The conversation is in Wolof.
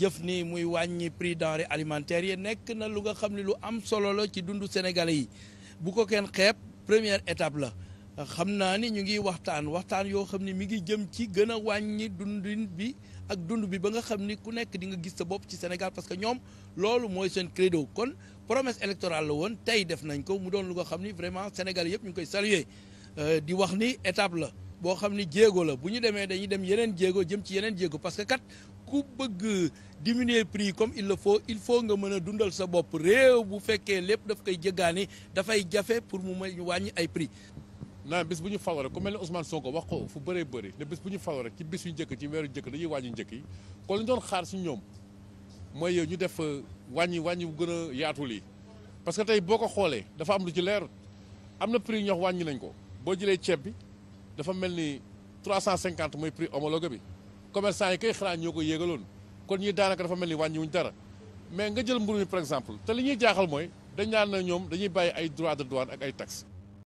jëf ni muy wàññi prix denrée alimentaire yi nekk na lu nga xam ne lu am solo la ci dundu Sénégalais yi bu ko kenn xeeb première étape la xam naa ni ñu ngi waxtaan waxtaan yoo xam ni mi ngi jëm ci gën a wàññi dundin bi ak dund bi ba nga xam ni ku nekk di nga gis sa bopp ci Sénégal parce que ñoom loolu mooy seen credo kon promesse électorale la woon tey def nañ ko mu doon lu nga xam ni vraiment Sénégal yëpp ñu ngi koy saluer euh, di wax ni étape la boo xam ni jéego la bu ñu demee dañuy dem yeneen jéego jëm ci yeneen jéego parce que kat ku bëgg diminuer prix comme il le faut il faut nga mën a dundal sa bopp réew bu fekkee lépp daf koy jëggaani dafay jafe pour mu may wàññi ay prix. naan bis bu ñu faloo rek ku mel ne soo ko wax ko fu bëree bëri ne bis bu ñu faloo rek ci bis yu njëkk ci weeru njëkk dañuy wàññi njëkk yi kon li doon xaar si ñoom mooy ñu def euh, wàññi wàññi bu gën a yaatu lii parce que tey boo ko xoolee dafa am lu ci leerut am na prix ñox wàññi nañ ko boo jëlee ceeb bi dafa mel ni 350 mooy prix homologue bi commerçant yi kay xanaa ñoo ko yéegaloon kon ñii daanaka dafa mel ni wàññiwuñ dara mais nga jël mburu mi par exemple te li ñuy jaaxal mooy dañ naan na ñoom dañuy bàyyi ay droit de douane ak ay taxes.